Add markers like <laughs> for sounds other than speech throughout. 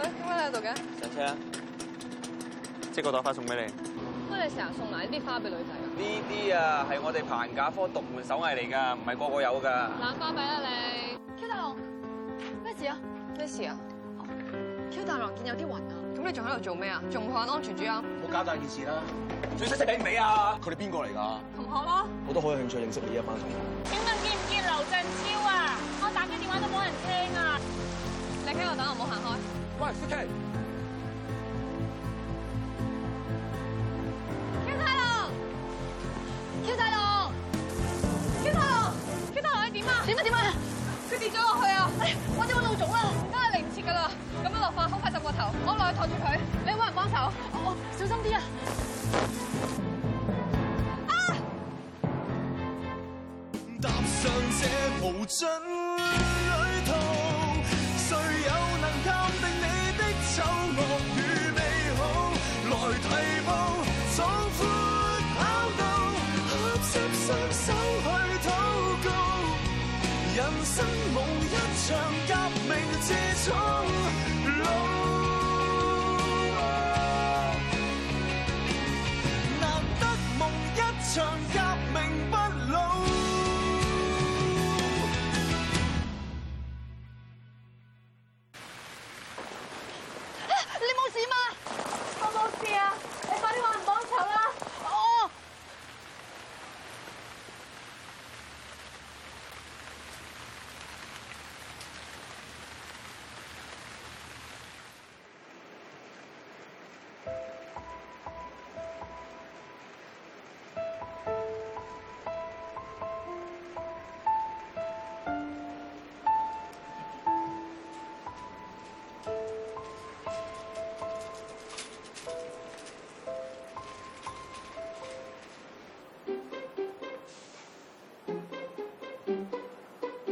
點解你喺度嘅？上車啊！即個朵花送俾你。點解你成日送埋呢啲花俾女仔嘅？呢啲啊，係我哋棚架科獨門手藝嚟噶，唔係個個有噶。冷花咪啊你！Q 太郎，咩事啊？咩事啊？Q、哦、太郎見有啲暈啊！咁你仲喺度做咩啊？仲唔學安全主任？冇搞大件事啦！最細細俾唔俾啊？佢哋邊個嚟噶？同學咯。我都好有興趣認識你啊，班同學。請問見唔見劉振超啊？我打緊電話都冇人聽啊！你喺度等我，唔好行開。哇！蘇凱，Q 太郎，Q 太郎，Q 太郎，Q 太郎點啊點啊！佢跌咗落去啊！哎！我哋揾老總啦，唔得嚟唔切噶啦！咁樣落發，好快就浸過頭，我落去托住佢，你揾人幫手，我，哦，小心啲啊！啊！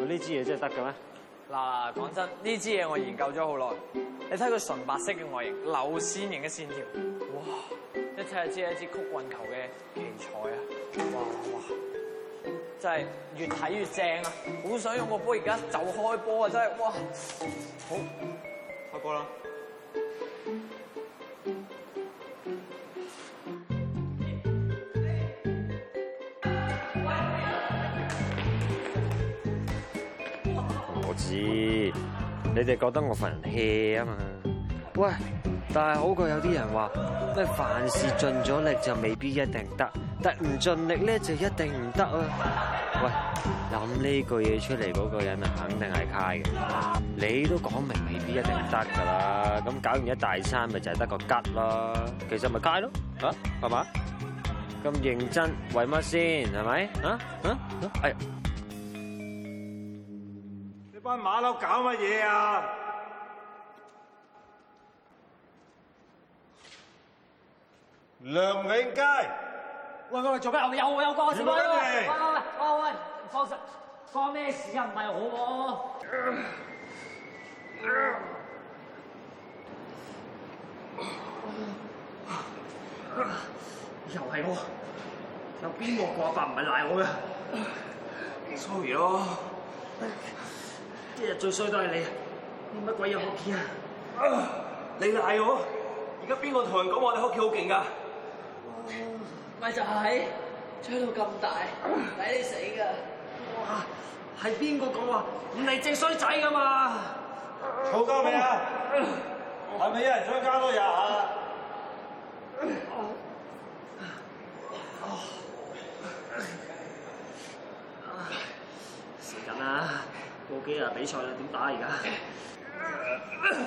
呢支嘢真係得嘅咩？嗱，講真，呢支嘢我研究咗好耐。你睇佢純白色嘅外形，流線型嘅線條，哇！一睇就知係一支曲棍球嘅奇才啊！哇哇哇！真係越睇越正啊！好想用個波，而家就開波啊！真係哇，好，開波啦！你哋覺得我份人 hea 啊嘛？喂，但係好過有啲人話咩凡事盡咗力就未必一定得，但唔盡力咧就一定唔得啊！喂，諗呢句嘢出嚟嗰個人啊，肯定係揩嘅。你都講明未必一定得噶啦，咁搞完一大餐咪就係得個吉咯。其實咪揩咯，吓係嘛？咁認真為乜先？係咪？啊啊哎！班馬騮搞乜嘢啊？梁永佳，喂喂喂，做咩我有有哥，做咩啊？喂喂、啊、喂，放心，放咩事啊？唔係我、啊，又係我，有邊個掛白唔係賴我嘅？sorry 咯、啊。一日最衰都係你啊！乜鬼嘢屋企啊？你賴我！而家邊個同人講我哋屋企好勁㗎？咪就係吹到咁大，抵你死㗎！哇！係邊個講話唔係隻衰仔㗎嘛？嘈交未啊？係咪 <music> 有人想加多日啊？啊！比賽啦，點打而家？ <laughs> <laughs>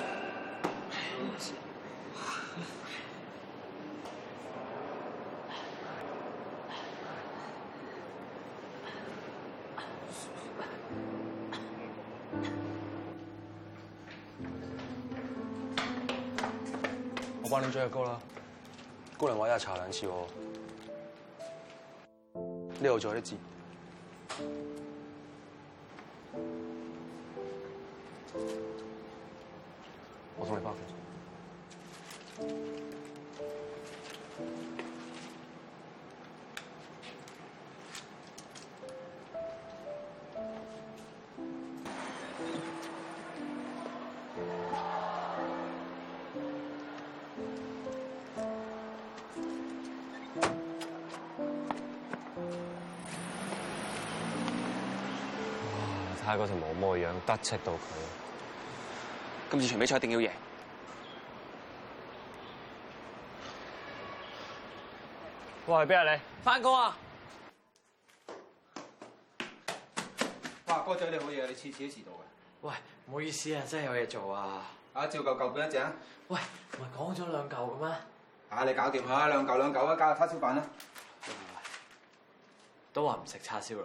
<laughs> <laughs> 我幫你追個歌啦。姑娘話：我查人我一日茶兩次喎。呢度仲有啲大嗰條毛毛嘅樣，得戚到佢。今次全比賽一定要贏。過嚟邊啊你？翻工啊！哇，哥仔你好嘢啊！你次次都遲到嘅。喂，唔好意思啊，真係有嘢做啊。啊，照舊舊幾多隻？喂，唔係講咗兩舊嘅咩？啊，你搞掂佢啦，兩舊兩舊啊，加叉燒飯啊！都話唔食叉燒啦。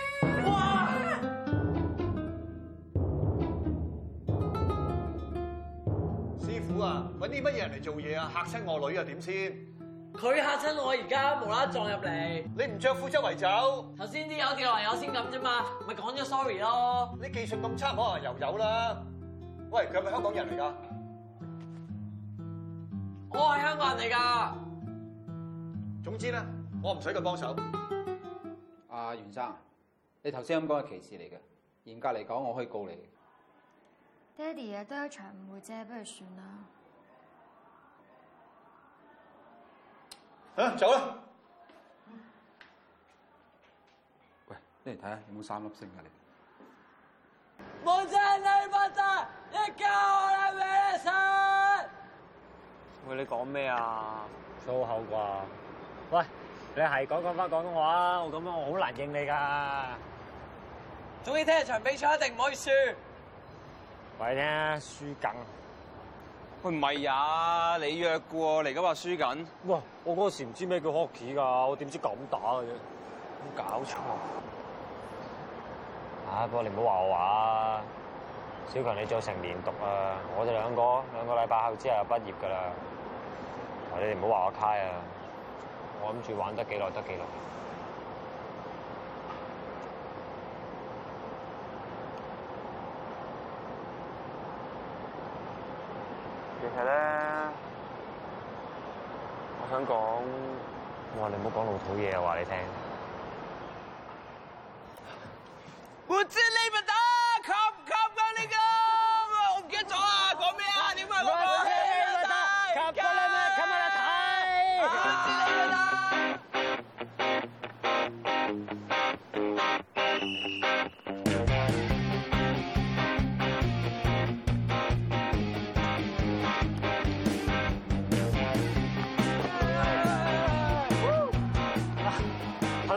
啲乜嘢人嚟做嘢啊！嚇親我女啊，點先？佢嚇親我而家無啦啦撞入嚟。你唔着褲周圍走。頭先啲友叫話有先咁啫嘛，咪講咗 sorry 咯。你技術咁差，可能又有啦。喂，佢係咪香港人嚟㗎？我係香港人嚟㗎。總之咧，我唔使佢幫手。阿、啊、袁先生，你頭先咁講係歧視嚟嘅，嚴格嚟講，我可以告你。爹哋都係一場誤會啫，不如算啦。走啦！喂，嚟睇下有冇三粒星噶你。冇得，冇得，一家我哋搵你。喂，你講咩啊？粗口啩？喂，你係講廣東話，我咁樣，我好難應你㗎。總之聽日場比賽一定唔可以輸。喂，聽輸梗。佢唔係呀，你約過嚟緊話輸緊。哇！我嗰時唔知咩叫 hockey 㗎、啊，我點知咁打嘅、啊、啫？搞錯、啊！啊，不過你唔好話我啊，小強你做成年讀啊，我哋兩個兩個禮拜後之後就畢業㗎啦。你哋唔好話我卡呀！啊，我諗住玩得幾耐得幾耐。講，我話你唔好講老土嘢，話你聽。我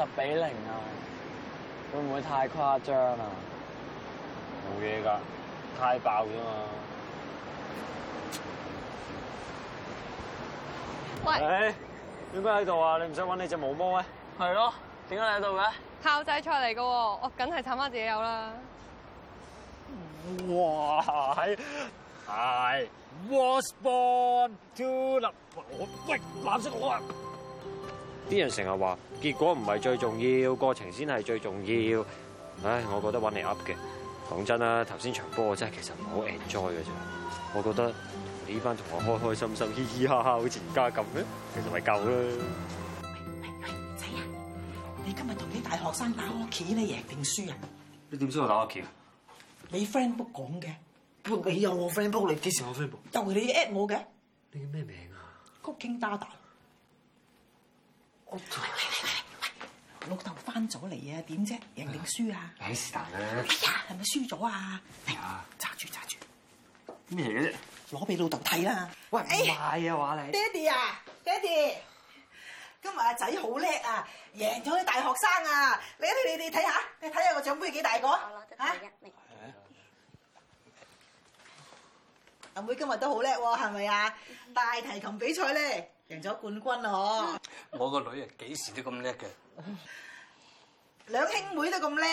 十比零啊！會唔會太誇張啊？冇嘢㗎，太爆㗎嘛！喂，點解喺度啊？你唔想揾你隻毛毛咩？係咯，點解你喺度嘅？炮仔賽嚟嘅，我梗係探下自己有啦。哇！係，係，Was born to love，喂，攬住我啊！啲人成日話結果唔係最重要，過程先係最重要。唉，我覺得揾你噏嘅。講真啦，頭先場波我真係其實唔好 enjoy 噶啫。我覺得你班同學開開心心、嘻嘻哈哈好似而家咁嘅，其實咪夠啦。喂喂喂，仔啊！你今日同啲大學生打 poker 呢，贏定輸啊？你點知我打 poker 啊？你 friend book 講嘅。你有，不你有你不，我 friend book 你幾時我 friend book？又係你 at 我嘅？你叫咩名啊？Cooking Dada。喂喂喂喂，老豆翻咗嚟啊？點啫？贏定輸啊？哎呀，係咪輸咗啊？哎呀，揸住揸住，咩啫？攞俾老豆睇啦！喂，快賣啊話你。爹哋啊，爹哋，今日阿仔好叻啊，贏咗啲大學生啊！你你哋睇下，你睇下個獎盃幾大個？吓，阿妹今日都好叻喎，係咪啊？大提琴比賽咧。贏咗冠軍啊！嗬！ <laughs> 我個女啊，幾時都咁叻嘅，兩 <laughs> 兄妹都咁叻。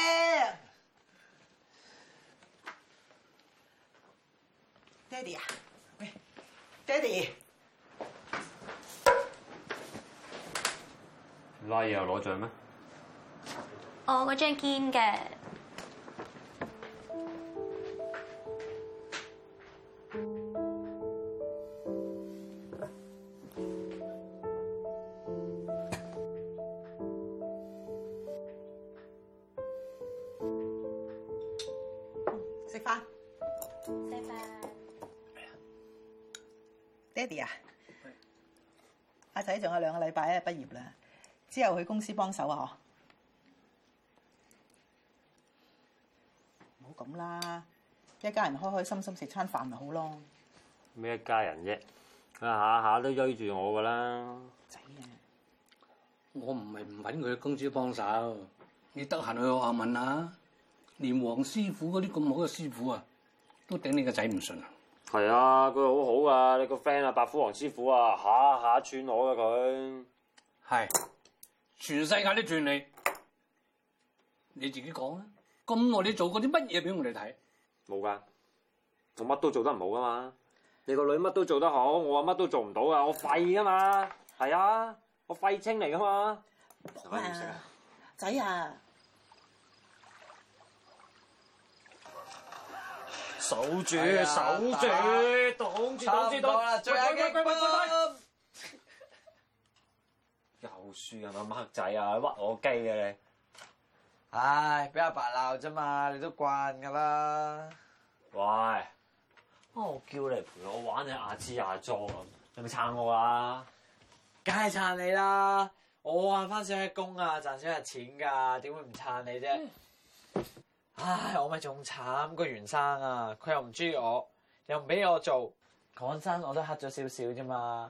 爹哋啊，喂，爹哋，拉又攞獎咩？我嗰張堅嘅。畢業啦，之後去公司幫手啊！嗬，唔好咁啦，一家人開開心心食餐飯咪好咯。咩一家人啫？佢下下都追住我噶啦，仔啊！我唔係唔搵佢公司幫手，你得閒去學校問下。連黃師傅嗰啲咁好嘅師傅啊，都頂你個仔唔順啊！係啊，佢好好啊。你個 friend 啊，白虎黃師傅啊，下下串我噶佢。係，全世界都轉你，你自己講啦。咁耐你做過啲乜嘢俾我哋睇？冇噶，我乜都做得唔好噶嘛。你個女乜都做得好，我話乜都做唔到啊！我廢噶嘛，係啊，我廢青嚟噶嘛。好啊，仔啊，守住，哎、守住，擋住，擋住，擋。輸啊，有冇咁黑仔啊，屈我機嘅你，唉，俾阿白鬧啫嘛，你都慣噶啦。喂，我叫你陪我玩，你亞肢亞裝咁，係咪撐我啊？梗係撐你啦，我啊翻少日工啊，賺少日錢噶，點會唔撐你啫？ <laughs> 唉，我咪仲慘個袁生啊，佢又唔中意我，又唔俾我做。講真，我都黑咗少少啫嘛。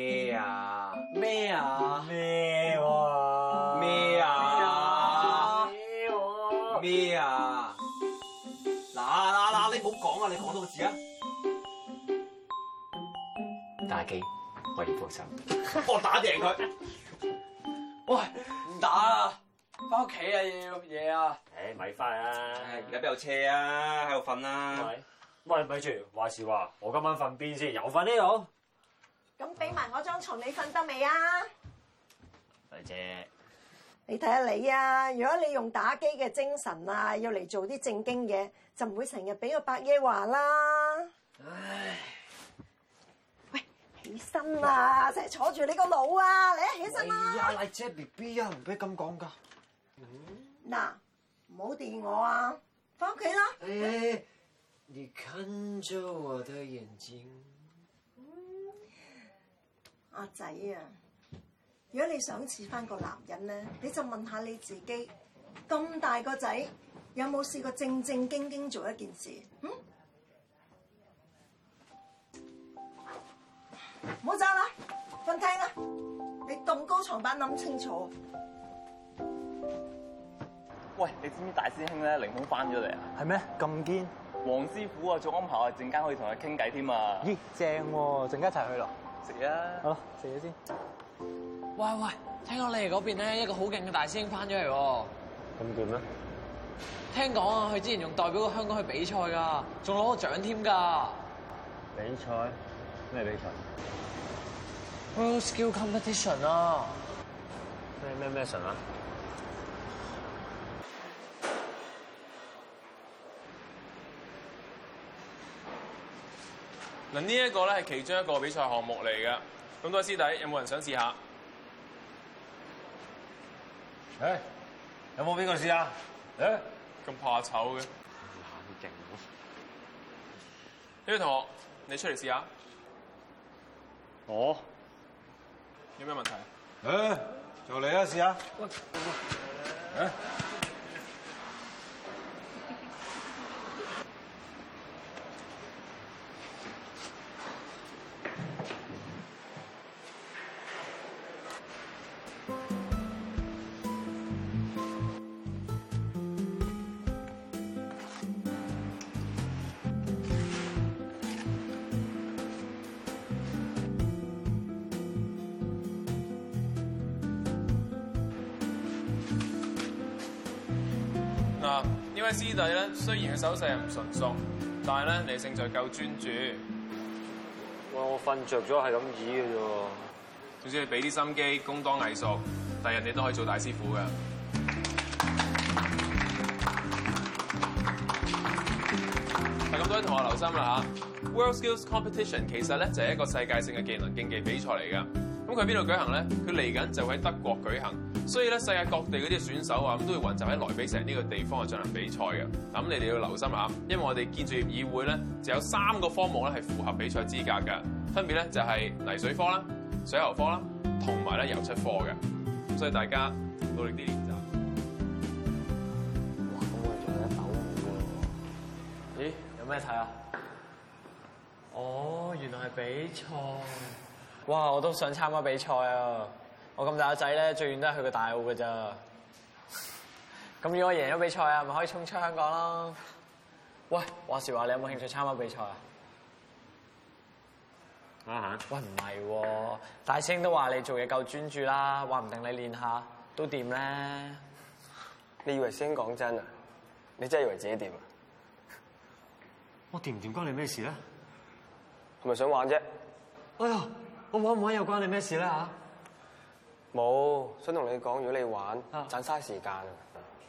咩啊？咩啊？咩？我咩啊？咩啊？嗱嗱嗱，你唔好講啊！你講多個字啊！打機，我要報仇。幫我打贏佢。喂，唔打啊！翻屋企啊，要嘢啊。誒，咪翻啊！而家邊度車啊？喺度瞓啦。喂，咪住。話時話，我今晚瞓邊先？又瞓呢度？床，你瞓得未啊，麗姐？你睇下你啊，如果你用打機嘅精神啊，要嚟做啲正經嘢，就唔會成日俾個伯爺話啦。唉，喂，起身啦，即係坐住你個腦啊，你一起身啦。哎呀，麗姐 B B 啊，唔俾咁講噶。嗱，唔好電我啊，翻屋企啦。你阿仔啊，如果你想似返個男人咧，你就問下你自己，咁大個仔有冇試過正正經經做一件事？嗯，唔好 <music> 走啦，瞓廳啦！你咁高床板諗清楚。喂，你知唔知大師兄咧凌空翻咗嚟啊？係咩？咁堅？黃師傅啊，做安排啊，陣間可以同佢傾偈添啊！咦、欸，正喎、啊，陣間一齊去咯。食啊！好，食嘢先。喂喂，聽講你哋嗰邊咧，一個好勁嘅大師兄翻咗嚟喎。咁點咧？聽講啊，佢之前仲代表過香港去比賽㗎，仲攞個獎添㗎。比賽咩比賽？World Skill Competition 啊！咩咩咩神啊！嗱，呢一個咧係其中一個比賽項目嚟嘅。咁多位師弟，有冇人想試下？誒、欸，有冇邊個試啊？誒、欸，咁怕醜嘅？呢位同學，你出嚟試下。哦，有咩問題？誒、欸，就嚟啦，試下。呢位師弟咧，雖然嘅手勢係唔純熟，但係咧你勝在夠專注。哇！我瞓着咗係咁易嘅啫喎，總之你俾啲心機，工當藝術，第日你都可以做大師傅嘅。係咁多啲同學留心啦嚇，World Skills Competition 其實咧就係一個世界性嘅技能競技比賽嚟㗎。咁佢邊度舉行咧？佢嚟緊就喺德國舉行，所以咧世界各地嗰啲選手啊，咁都會混集喺萊比錫呢個地方去進行比賽嘅。咁你哋要留心下，因為我哋建造業議會咧就有三個科目咧係符合比賽資格嘅，分別咧就係泥水科啦、水喉科啦，同埋咧油漆科嘅。咁所以大家努力啲練習。咁我斗咦，有咩睇啊？哦，原來係比賽。哇！我都想參加比賽啊！我咁大個仔咧，最遠都係去個大澳㗎咋。咁如果我贏咗比賽啊，咪可以衝出香港咯！喂，話時話你有冇興趣參加比賽啊？嚇、啊啊、喂，唔係喎，大聲都話你做嘢夠專注啦，話唔定你練下都掂咧。你以為先講真啊？你真係以為自己掂啊？我掂唔掂關你咩事咧？係咪想玩啫？哎呀！我玩唔玩又關你咩事咧？吓，冇想同你講，如果你玩，盞、啊、嘥時間啊！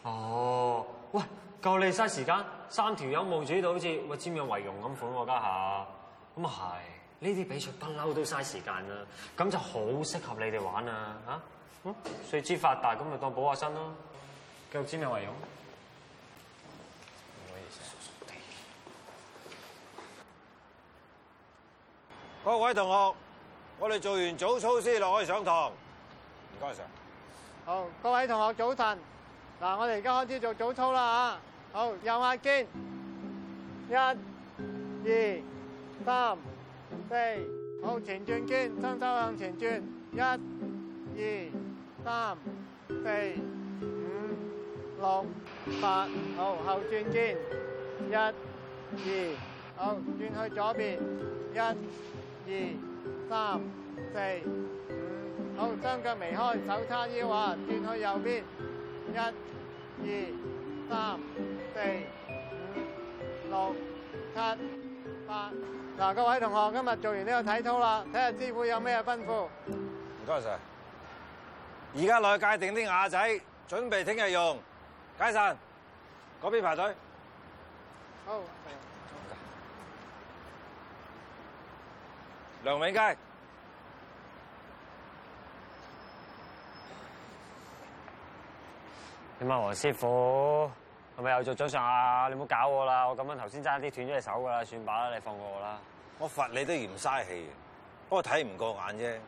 哦，喂，夠你嘥時間？三條友冇主呢好似我尖有為容咁款喎，家下咁啊係，呢啲比賽不嬲都嘥時間啦，咁就好適合你哋玩啊！吓，嗯，四肢發達咁咪當補下身咯，繼續尖有？為容。唔好意思好，各位同學。我哋做完早操先落去上堂，唔該晒。好，各位同學早晨。嗱，我哋而家開始做早操啦啊！好，右壓肩，一、二、三、四。好，前轉肩，伸手向前轉，一、二、三、四、五、六、八。好，後轉肩，一、二。好，轉去左邊，一、二。三、四、五，好，將腳微開，手叉腰啊，轉去右邊，一、二、三、四、五、六、七、八。嗱，各位同學，今日做完呢個體操啦，睇下師傅有咩吩咐。唔該晒。而家落去界定啲瓦仔，準備聽日用。解散，嗰邊排隊。好。梁永佳，你馬和師傅，係咪又做掌上啊？你唔好搞我啦！我咁樣頭先爭啲斷咗隻手㗎，啦，算罷啦，你放過我啦！我罰你都嫌嘥氣，不過睇唔過眼啫。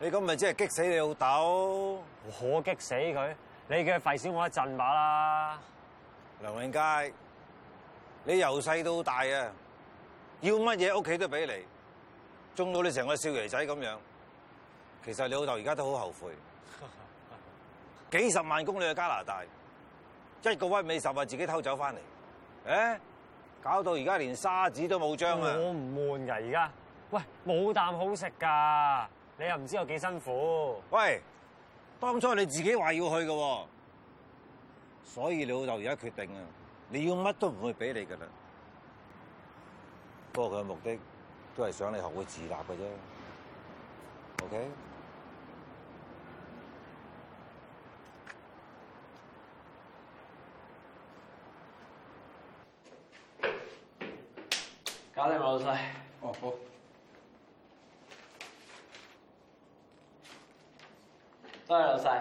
你咁咪即係激死你老豆？我激死佢，你叫佢廢錢我一陣罷啦。梁永佳，你由細到大呀，要乜嘢屋企都俾你。中到你成個少爺仔咁樣，其實你老豆而家都好後悔。幾十萬公里去加拿大，一個屈美十啊自己偷走翻嚟，誒、哎，搞到而家連沙子都冇張啊！我唔悶噶，而家，喂，冇啖好食噶，你又唔知我幾辛苦。喂，當初你自己話要去喎，所以你老豆而家決定啊，你要乜都唔會俾你噶啦。不過佢嘅目的，都係想你學會自立嘅啫，OK？搞掂老細。哦，好。多謝老細。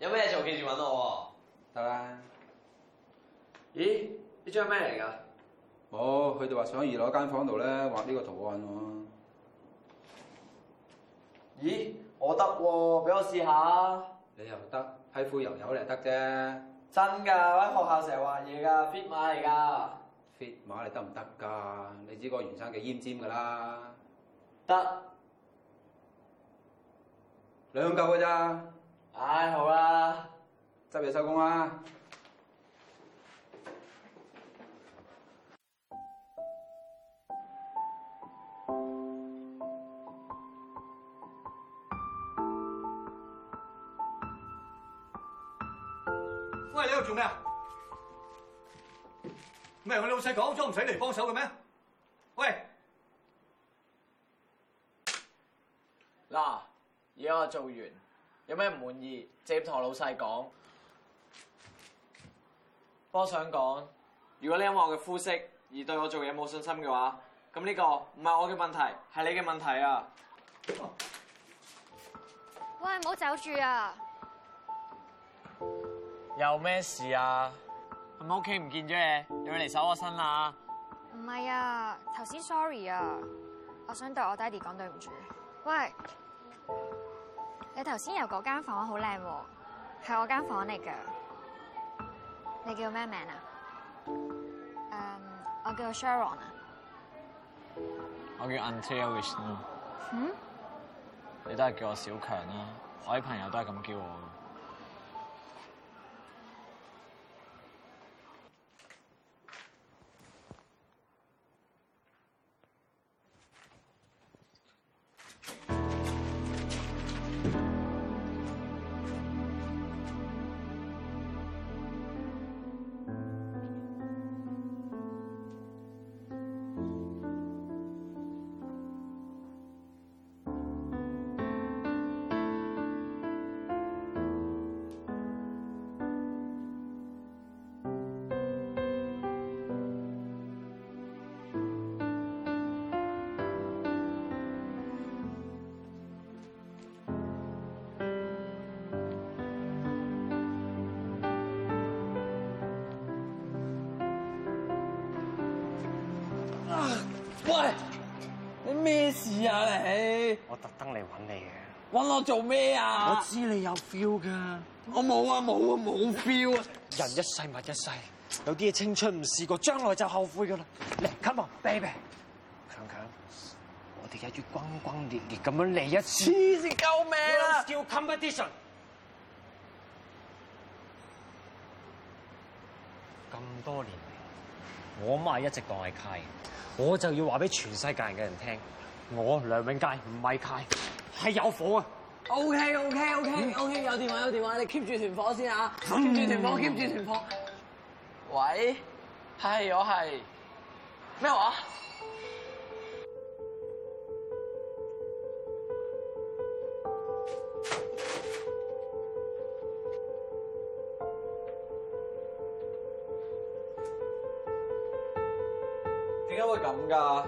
有咩嘢事，記住搵我。得啦。咦？呢張咩嚟㗎？哦，佢哋話想二樓一間房度咧畫呢個圖案喎、啊。咦，我得喎、啊，俾我試一下。你又得，批灰油油嚟得啫。真噶，喺學校成日畫嘢噶，fit 馬嚟噶。fit 馬嚟得唔得噶？你知我原生嘅閹尖噶啦。得，兩嚿噶咋？唉、哎，好啦，執嘢收工啦、啊！講咗唔使嚟幫手嘅咩？喂，嗱，而家我做完，有咩唔滿意？直接同老細講。我想講，如果你因為我嘅膚色而對我做嘢冇信心嘅話，咁呢個唔係我嘅問題，係你嘅問題啊！喂，唔好走住啊！有咩事啊？唔屋企唔見咗嘢，有冇嚟搜我身啊？唔係啊，頭先 sorry 啊，我想對我爹哋講對唔住。喂，你頭先入嗰間房好靚喎，係我間房嚟噶。你叫咩名啊？Um, 我叫 Sharon 啊。我叫 Antel Wilson 嗯？你都係叫我小強啦，我啲朋友都係咁叫我。特登嚟揾你嘅，揾我做咩啊？我知你有 feel 噶，我冇啊冇啊冇 feel 啊！人一世物一世，有啲嘢青春唔試過，將來就後悔噶啦。嚟，come on，baby，強強，我哋一於轟轟烈烈咁樣嚟一次，救命啊！叫 competition，咁多年嚟，我媽一直當係契，我就要話俾全世界嘅人聽。我梁永佳唔係契，係有火啊！OK OK OK OK，有電話有電話，你 keep 住團火先啊！keep 住團火 keep 住團火。喂，係我，係咩話？點解會咁噶？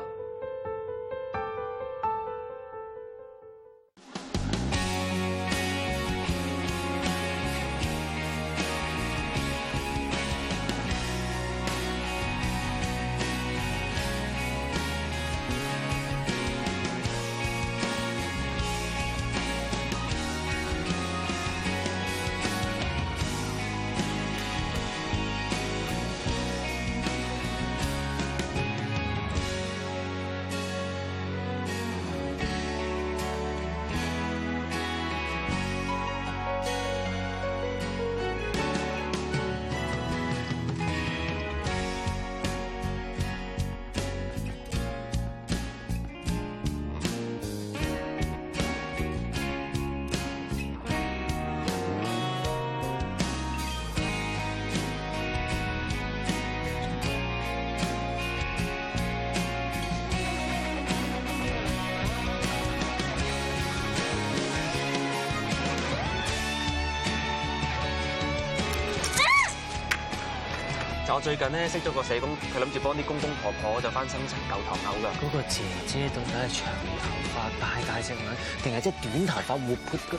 我最近咧，識咗個社工，佢諗住幫啲公公婆婆就翻新陳舊唐樓㗎。嗰個姐姐到底係長頭髮大大隻眼，定係即係短頭髮活潑嘅？